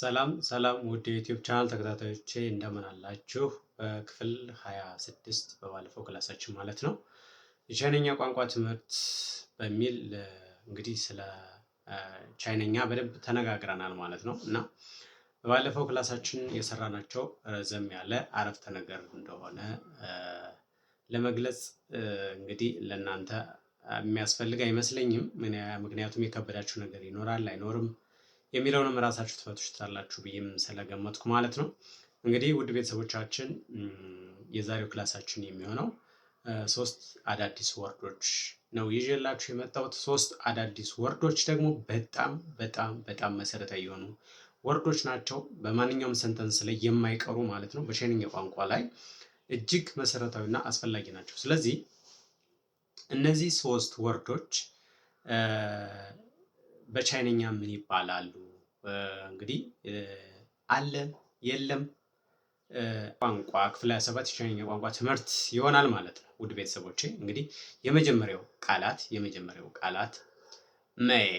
ሰላም ሰላም ውድ የዩቲዩብ ቻናል ተከታታዮቼ እንደምን አላችሁ? በክፍል 26 በባለፈው ክላሳችን ማለት ነው የቻይነኛ ቋንቋ ትምህርት በሚል እንግዲህ ስለ ቻይነኛ በደንብ ተነጋግረናል ማለት ነው እና በባለፈው ክላሳችን የሰራናቸው ረዘም ያለ አረፍተ ነገር እንደሆነ ለመግለጽ እንግዲህ ለእናንተ የሚያስፈልግ አይመስለኝም። ምክንያቱም የከበዳችሁ ነገር ይኖራል አይኖርም የሚለውንም ራሳችሁ ትፈቱታላችሁ ብዬም ስለገመትኩ ማለት ነው። እንግዲህ ውድ ቤተሰቦቻችን የዛሬው ክላሳችን የሚሆነው ሶስት አዳዲስ ወርዶች ነው ይዤላችሁ የመጣሁት። ሶስት አዳዲስ ወርዶች ደግሞ በጣም በጣም በጣም መሰረታዊ የሆኑ ወርዶች ናቸው። በማንኛውም ሰንተንስ ላይ የማይቀሩ ማለት ነው። በቻይንኛ ቋንቋ ላይ እጅግ መሰረታዊና አስፈላጊ ናቸው። ስለዚህ እነዚህ ሶስት ወርዶች በቻይንኛ ምን ይባላሉ እንግዲህ አለ የለም ቋንቋ ክፍለ ሰባት የቻይኛ ቋንቋ ትምህርት ይሆናል ማለት ነው። ውድ ቤተሰቦች እንግዲህ የመጀመሪያው ቃላት የመጀመሪያው ቃላት መይ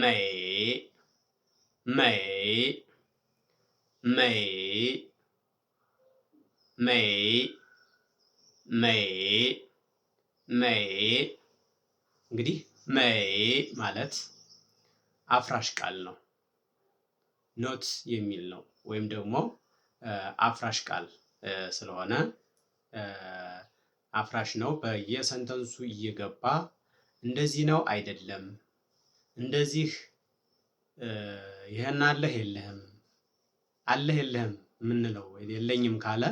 መይ መይ መይ መይ መይ መይ እንግዲህ መይ ማለት አፍራሽ ቃል ነው። ኖት የሚል ነው ወይም ደግሞ አፍራሽ ቃል ስለሆነ አፍራሽ ነው። በየሰንተንሱ እየገባ እንደዚህ ነው አይደለም፣ እንደዚህ ይህን አለህ የለህም፣ አለህ የለህም የምንለው የለኝም ካለ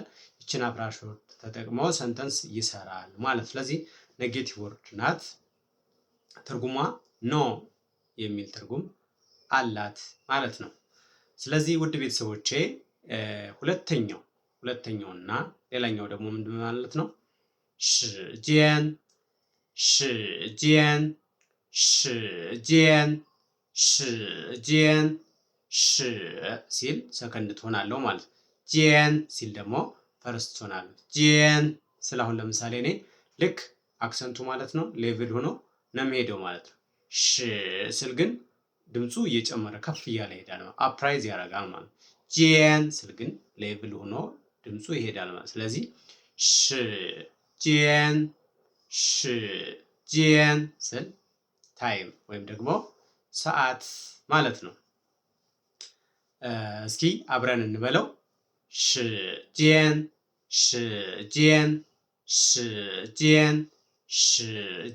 ይችን አፍራሽ ወርድ ተጠቅሞ ሰንተንስ ይሰራል ማለት። ስለዚህ ኔጌቲቭ ወርድ ናት። ትርጉሟ ኖ የሚል ትርጉም አላት ማለት ነው። ስለዚህ ውድ ቤተሰቦቼ ሁለተኛው ሁለተኛውና ሌላኛው ደግሞ ምንድን ማለት ነው? ሽጄን ሽጄን ሽጄን ሽጄን ሽ ሲል ሰከንድ ትሆናለሁ ማለት ነው። ጄን ሲል ደግሞ ፈርስት ትሆናለሁ። ጄን ስለ አሁን ለምሳሌ እኔ ልክ አክሰንቱ ማለት ነው ሌቭል ሆኖ ነው የሚሄደው ማለት ነው። ሽ ስል ግን ድምፁ እየጨመረ ከፍ እያለ ይሄዳል። አፕራይዝ ያደርጋል ማለት ጄን ስል ግን ሌቭል ሆኖ ድምፁ ይሄዳል ማለት ስለዚህ ሽ ጄን ሽ ጄን ስል ታይም ወይም ደግሞ ሰዓት ማለት ነው። እስኪ አብረን እንበለው። ሽ ጄን ሽ ጄን ሽ ጄን ሽ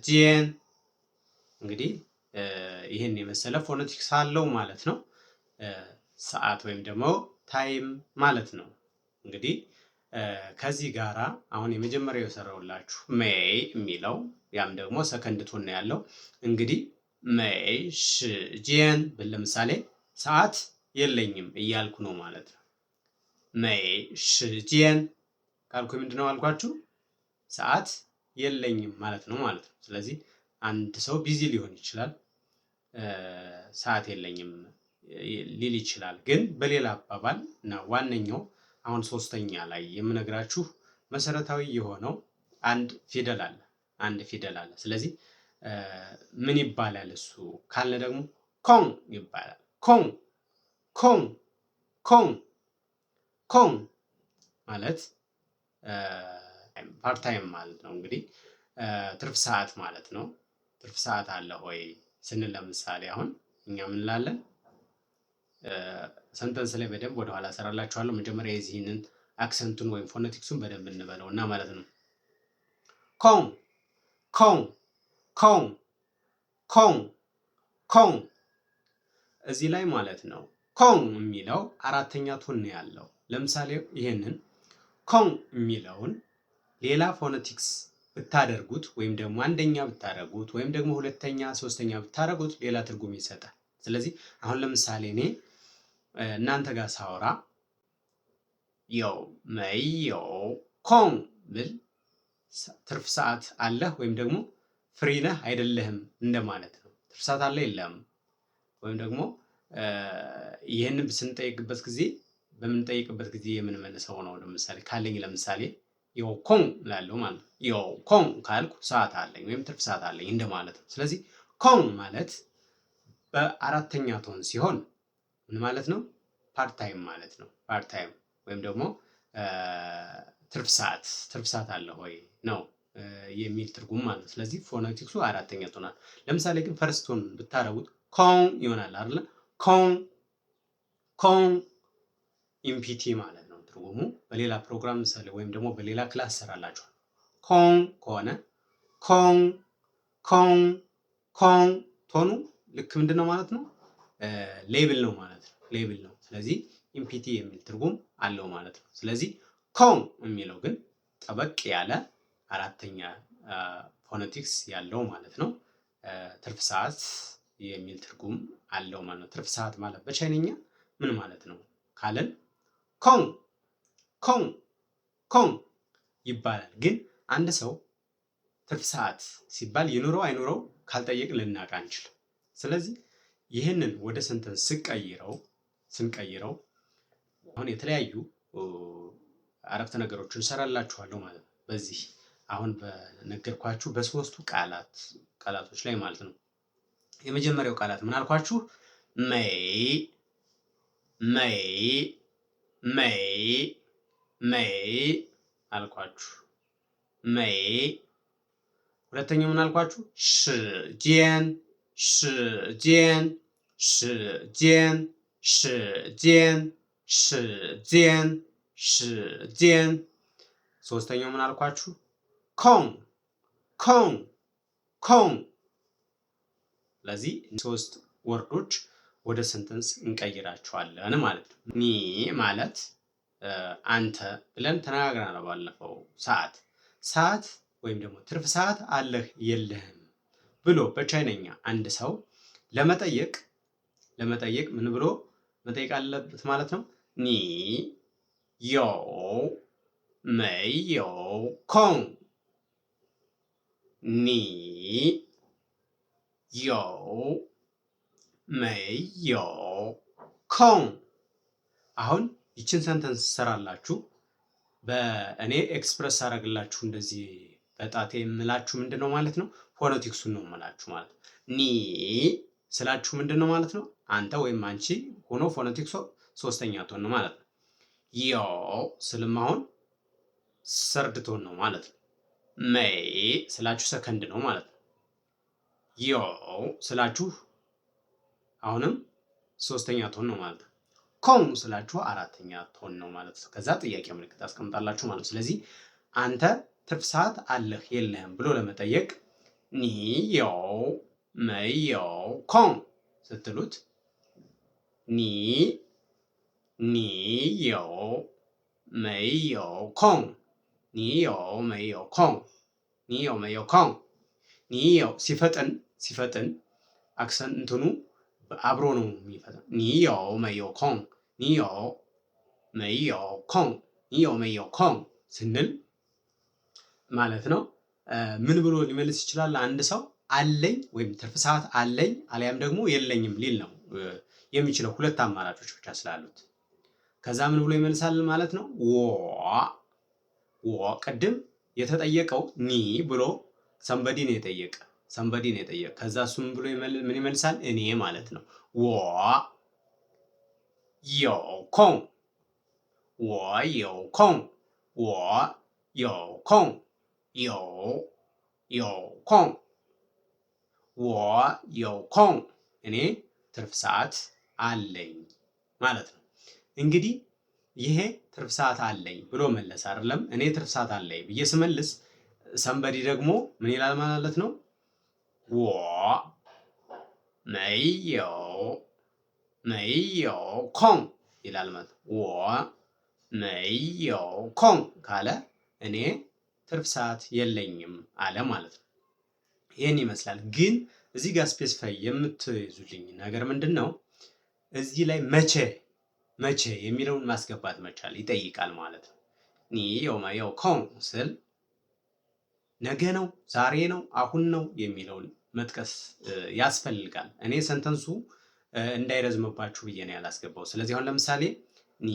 ጄን እንግዲህ ይህን የመሰለ ፎነቲክስ አለው ማለት ነው። ሰዓት ወይም ደግሞ ታይም ማለት ነው። እንግዲህ ከዚህ ጋራ አሁን የመጀመሪያው የሰራውላችሁ ሜይ የሚለው ያም ደግሞ ሰከንድ ቶን ያለው። እንግዲህ ሜይ ሽጄን ለምሳሌ ሰዓት የለኝም እያልኩ ነው ማለት ነው። ሜይ ሽጄን ካልኩ ምንድነው አልኳችሁ? ሰዓት የለኝም ማለት ነው ማለት ነው። ስለዚህ አንድ ሰው ቢዚ ሊሆን ይችላል፣ ሰዓት የለኝም ሊል ይችላል። ግን በሌላ አባባል እና ዋነኛው አሁን ሶስተኛ ላይ የምነግራችሁ መሰረታዊ የሆነው አንድ ፊደል አለ አንድ ፊደል አለ። ስለዚህ ምን ይባላል እሱ ካልነ ደግሞ ኮን ይባላል። ኮን ኮን ኮን ኮን ማለት ፓርታይም ማለት ነው እንግዲህ ትርፍ ሰዓት ማለት ነው። ትርፍ ሰዓት አለ ሆይ ስንል ለምሳሌ አሁን እኛ ምን እንላለን? ሰንተንስ ላይ በደንብ ወደኋላ ሰራላችኋለሁ። መጀመሪያ የዚህንን አክሰንቱን ወይም ፎነቲክሱን በደንብ እንበለው እና ማለት ነው ኮን ኮን ኮን ኮን ኮን እዚህ ላይ ማለት ነው ኮን የሚለው አራተኛ ቱን ያለው ለምሳሌ ይህንን ኮን የሚለውን ሌላ ፎነቲክስ ብታደርጉት ወይም ደግሞ አንደኛ ብታደርጉት ወይም ደግሞ ሁለተኛ፣ ሶስተኛ ብታደርጉት ሌላ ትርጉም ይሰጣል። ስለዚህ አሁን ለምሳሌ እኔ እናንተ ጋር ሳወራ የው መየው ኮን ብል ትርፍ ሰዓት አለህ ወይም ደግሞ ፍሪ ነህ አይደለህም እንደማለት ነው። ትርፍ ሰዓት አለ የለም ወይም ደግሞ ይህንን ስንጠይቅበት ጊዜ በምንጠይቅበት ጊዜ የምንመልሰው ነው። ለምሳሌ ካለኝ ለምሳሌ የኮን ላለው ማለት ነው። የኮን ካልኩ ሰዓት አለኝ ወይም ትርፍ ሰዓት አለኝ እንደማለት ነው። ስለዚህ ኮን ማለት በአራተኛ ቶን ሲሆን ምን ማለት ነው? ፓርታይም ማለት ነው። ፓርታይም ወይም ደግሞ ትርፍ ሰዓት ትርፍ ሰዓት አለ ወይ ነው የሚል ትርጉም ማለት ነው። ስለዚህ ፎነቲክሱ አራተኛ ቶናል። ለምሳሌ ግን ቶን ብታረጉት ኮን ይሆናል አይደለ? ኮን ኮን ኢምፒቲ ማለት ካቆሙ በሌላ ፕሮግራም ምሳሌ ወይም ደግሞ በሌላ ክላስ ሰራላችኋል። ኮን ከሆነ ኮን ኮን ኮን ቶኑ ልክ ምንድን ነው ማለት ነው? ሌብል ነው ማለት ነው። ሌብል ነው። ስለዚህ ኢምፒቲ የሚል ትርጉም አለው ማለት ነው። ስለዚህ ኮን የሚለው ግን ጠበቅ ያለ አራተኛ ፎነቲክስ ያለው ማለት ነው። ትርፍ ሰዓት የሚል ትርጉም አለው ማለት ነው። ትርፍ ሰዓት ማለት በቻይነኛ ምን ማለት ነው ካለን ኮን ኮን ኮን ይባላል። ግን አንድ ሰው ትርፍ ሰዓት ሲባል ይኑረው አይኑረው ካልጠየቅ ልናውቅ አንችልም። ስለዚህ ይህንን ወደ ሰንተንስ ስንቀይረው ስንቀይረው አሁን የተለያዩ አረፍተ ነገሮችን እንሰራላችኋለሁ ማለት ነው። በዚህ አሁን በነገርኳችሁ በሶስቱ ቃላት ቃላቶች ላይ ማለት ነው። የመጀመሪያው ቃላት ምን አልኳችሁ? መይ መይ መይ መይ አልኳችሁ መይ። ሁለተኛው ምን አልኳችሁ? ሽ ሽጄን ሽጄን ሽጄን ሽ ሽጄን። ሶስተኛው ምን አልኳችሁ? ኮን ኮን ኮን። ስለዚህ ሶስት ወርዶች ወደ ሰንተንስ እንቀይራቸዋለን ማለት ነው። ኒ ማለት አንተ ብለን ተነጋግረናል። ባለፈው ሰዓት ሰዓት ወይም ደግሞ ትርፍ ሰዓት አለህ የለህም ብሎ በቻይነኛ አንድ ሰው ለመጠየቅ ለመጠየቅ ምን ብሎ መጠየቅ አለበት ማለት ነው። ኒ ዮ መይ ኮን ኒ ዮ መይ ኮን አሁን ይችን ሰንተንስ ትሰራላችሁ። በእኔ ኤክስፕረስ አደረግላችሁ እንደዚህ በጣቴ የምላችሁ ምንድን ነው ማለት ነው? ፎነቲክሱን ነው የምላችሁ ማለት ነው። ኒ ስላችሁ ምንድን ነው ማለት ነው? አንተ ወይም አንቺ ሆኖ ፎነቲክሶ ሶስተኛ ቶን ነው ማለት ነው። ዮ ስልም አሁን ሰርድ ቶን ነው ማለት ነው። መይ ስላችሁ ሰከንድ ነው ማለት ነው። ዮ ስላችሁ አሁንም ሶስተኛ ቶን ነው ማለት ነው። ኮም ስላችሁ አራተኛ ቶን ነው ማለት ነው። ከዛ ጥያቄ ምልክት አስቀምጣላችሁ ማለት ነው። ስለዚህ አንተ ትርፍ ሰዓት አለህ የለህም ብሎ ለመጠየቅ ኒ የው መየው ኮም ስትሉት ኒ ኒ የው መየው ኮም ኒ የው መየው ኮም ኒ የው መየው ኮም ኒ የው ሲፈጥን ሲፈጥን እንትኑ አብሮ ነው የሚፈጥን ኒ የው መየው ኮም 你有没有空？你有没有空 ስንል ማለት ነው። ምን ብሎ ሊመልስ ይችላል? አንድ ሰው አለኝ ወይም ትርፍ ሰዓት አለኝ አሊያም ደግሞ የለኝም ሊል ነው የሚችለው። ሁለት አማራጮች ብቻ ስላሉት ከዛ ምን ብሎ ይመልሳል ማለት ነው። ወ ቅድም የተጠየቀው ኒ ብሎ ሰንበዲ ነው የጠየቀ ሰንበዲ ነው የጠየቀ። ከዛ ብሎ ምን ይመልሳል? እኔ ማለት ነው 有空，我有空，我有空，有有空，我有空 እኔ ትርፍ ሰዓት አለኝ ማለት ነው። እንግዲህ ይሄ ትርፍ ሰዓት አለኝ ብሎ መለስ አይደለም። እኔ ትርፍ ሰዓት አለኝ ብዬ ስመልስ ሰንበዲ ደግሞ ምን ይላል ማለት ነው? ወ መይ 没有空 ይላል ማለት ነው። ሰዓት የለኝም አለ ማለት ነው። ይህን ይመስላል። ግን እዚህ ጋር ስፔሲፋይ የምትይዙልኝ ነገር ምንድን ነው? እዚህ ላይ መቼ መቼ የሚለውን ማስገባት መቻል ይጠይቃል ማለት ነው። ኮን ስል ነገ ነው፣ ዛሬ ነው፣ አሁን ነው የሚለውን መጥቀስ ያስፈልጋል። እኔ ሰንተንሱ እንዳይረዝምባችሁ ብዬ ነው ያላስገባው። ስለዚህ አሁን ለምሳሌ ኒ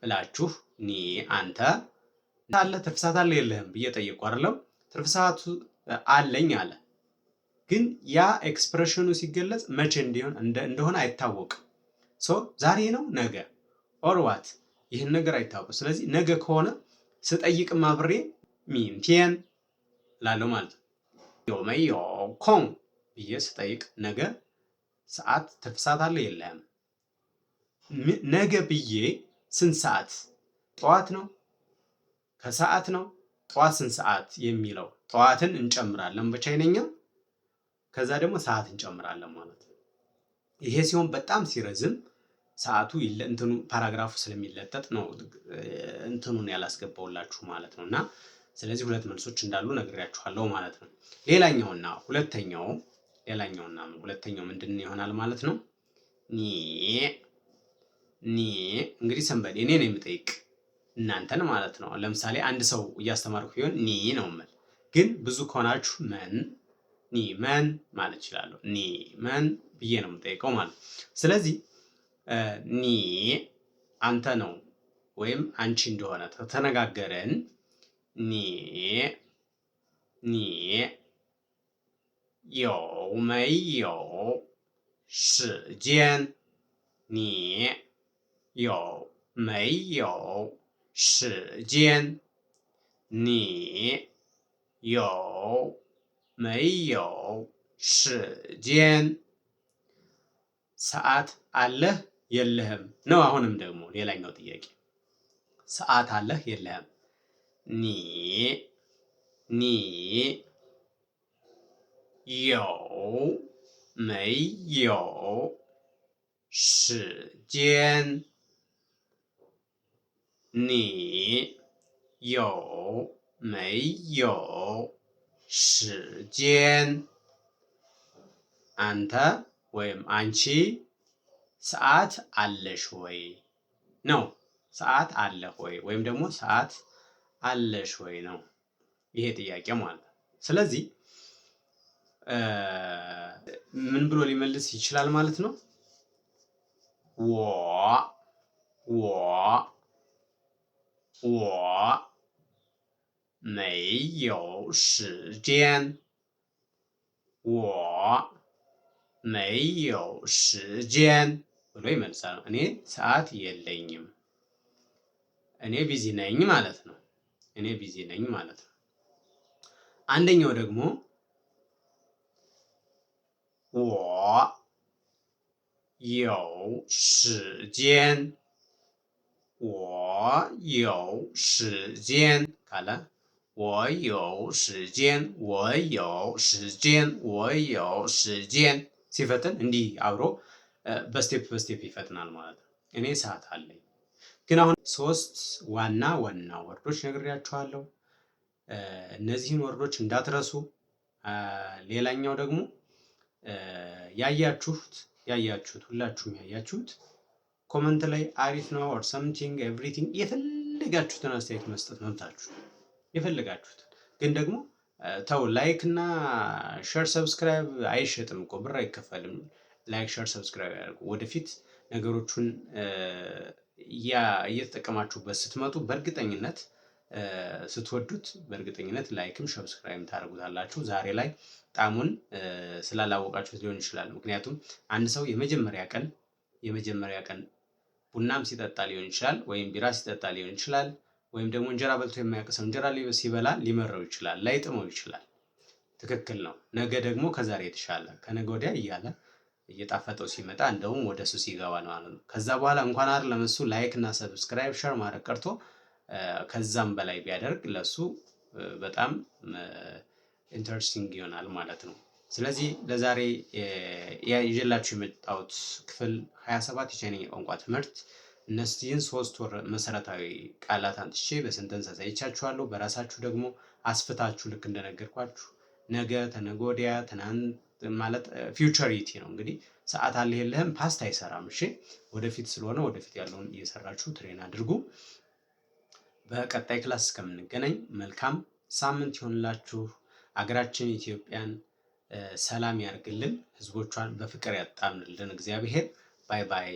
ብላችሁ ኒ አንተ አለ ትርፍሳት አለ የለህም ብዬ ጠየቁ አይደለም። ትርፍሳቱ አለኝ አለ። ግን ያ ኤክስፕሬሽኑ ሲገለጽ መቼ እንዲሆን እንደሆነ አይታወቅም። ሶ ዛሬ ነው ነገ ኦርዋት ይህን ነገር አይታወቅም። ስለዚህ ነገ ከሆነ ስጠይቅ ማብሬ ሚንቴን ላለው ማለት ነው። ዮመዮ ኮን ብዬ ስጠይቅ ነገ ሰዓት ትርፍሳት አለ የለም? ነገ ብዬ ስንት ሰዓት ጠዋት ነው ከሰዓት ነው ጠዋት ስንት ሰዓት የሚለው ጠዋትን እንጨምራለን በቻይነኛ ከዛ ደግሞ ሰዓት እንጨምራለን ማለት ነው። ይሄ ሲሆን በጣም ሲረዝም ሰዓቱ እንትኑ ፓራግራፉ ስለሚለጠጥ ነው እንትኑን ያላስገባውላችሁ ማለት ነው። እና ስለዚህ ሁለት መልሶች እንዳሉ ነግሬያችኋለሁ ማለት ነው። ሌላኛውና ሁለተኛው ሌላኛውና ሁለተኛው ምንድን ይሆናል ማለት ነው። ኒ ኒ እንግዲህ ሰንበዴ እኔ ነው የምጠይቅ እናንተን ማለት ነው። ለምሳሌ አንድ ሰው እያስተማርኩ ቢሆን ኒ ነው ምል፣ ግን ብዙ ከሆናችሁ መን ኒ መን ማለት እችላለሁ። ኒ መን ብዬ ነው የምጠይቀው ማለት ነው። ስለዚህ ኒ አንተ ነው ወይም አንቺ እንደሆነ ተነጋገረን ኒ ኒ 有没有时间？你有没有时间？你有没有时间？ሰዓት አለህ የለህም ነው። አሁንም ደግሞ ሌላኛው ጥያቄ ሰዓት አለህ የለህም? ኒ ኒ 有没有时间？你有没有时间？አንተ ወይም አንቺ ሰዓት አለሽ ወይ ነው። ሰዓት አለህ ወይ ወይም ደግሞ ሰዓት አለሽ ወይ ነው ይሄ ጥያቄ ማለት ነው። ስለዚህ ምን ብሎ ሊመልስ ይችላል ማለት ነው። ወ ወ ወ ሽጄን ሽጄን ብሎ ይመልሳል። እኔ ሰዓት የለኝም። እኔ ቢዚ ነኝ ማለት ነው። እኔ ቢዚ ነኝ ማለት ነው። አንደኛው ደግሞ 我有时间，我有时间 ካለ 我有时间，我有时间，我有时间 ሲፈትን እንዲህ አብሮ በስቴፕ በስቴፕ ይፈትናል ማለት ነው። እኔ ሰዓት አለኝ። ግን አሁን ሶስት ዋና ዋና ወርዶች ነግሬያችኋለሁ። እነዚህን ወርዶች እንዳትረሱ። ሌላኛው ደግሞ ያያችሁት ያያችሁት ሁላችሁም ያያችሁት ኮመንት ላይ አሪፍ ነው ኦር ሰምቲንግ ኤቭሪቲንግ የፈለጋችሁትን አስተያየት መስጠት መብታችሁ የፈለጋችሁትን ግን ደግሞ ተው ላይክ እና ሸር ሰብስክራይብ አይሸጥም እኮ ብር አይከፈልም። ላይክ ሸር ሰብስክራይብ ያደርጉ። ወደፊት ነገሮቹን እየተጠቀማችሁበት ስትመጡ በእርግጠኝነት ስትወዱት በእርግጠኝነት ላይክም ሰብስክራይብ ታደርጉታላችሁ። ዛሬ ላይ ጣዕሙን ስላላወቃችሁት ሊሆን ይችላል። ምክንያቱም አንድ ሰው የመጀመሪያ ቀን የመጀመሪያ ቀን ቡናም ሲጠጣ ሊሆን ይችላል፣ ወይም ቢራ ሲጠጣ ሊሆን ይችላል፣ ወይም ደግሞ እንጀራ በልቶ የማያውቅ ሰው እንጀራ ሲበላ ሊመረው ይችላል፣ ላይጥመው ይችላል። ትክክል ነው። ነገ ደግሞ ከዛሬ የተሻለ ከነገ ወዲያ እያለ እየጣፈጠው ሲመጣ እንደውም ወደ ሱስ ነው ማለት ነው። ከዛ በኋላ እንኳን አይደለም እሱ ላይክ እና ሰብስክራይብ ሸር ማድረግ ቀርቶ ከዛም በላይ ቢያደርግ ለሱ በጣም ኢንተረስቲንግ ይሆናል ማለት ነው። ስለዚህ ለዛሬ ይዤላችሁ የመጣሁት ክፍል 27 የቻይንኛ ቋንቋ ትምህርት እነዚህን ሶስት ወር መሰረታዊ ቃላት አንጥቼ በሰንተንስ አሳይቻችኋለሁ። በራሳችሁ ደግሞ አስፍታችሁ ልክ እንደነገርኳችሁ ነገ፣ ተነጎዲያ፣ ትናንት ማለት ፊውቸሪቲ ነው እንግዲህ ሰዓት አለ የለህም ፓስት አይሰራም። እሺ ወደፊት ስለሆነ ወደፊት ያለውን እየሰራችሁ ትሬን አድርጉ። በቀጣይ ክላስ እስከምንገናኝ መልካም ሳምንት ይሆንላችሁ። አገራችን ኢትዮጵያን ሰላም ያርግልን፣ ህዝቦቿን በፍቅር ያጣምርልን እግዚአብሔር። ባይ ባይ።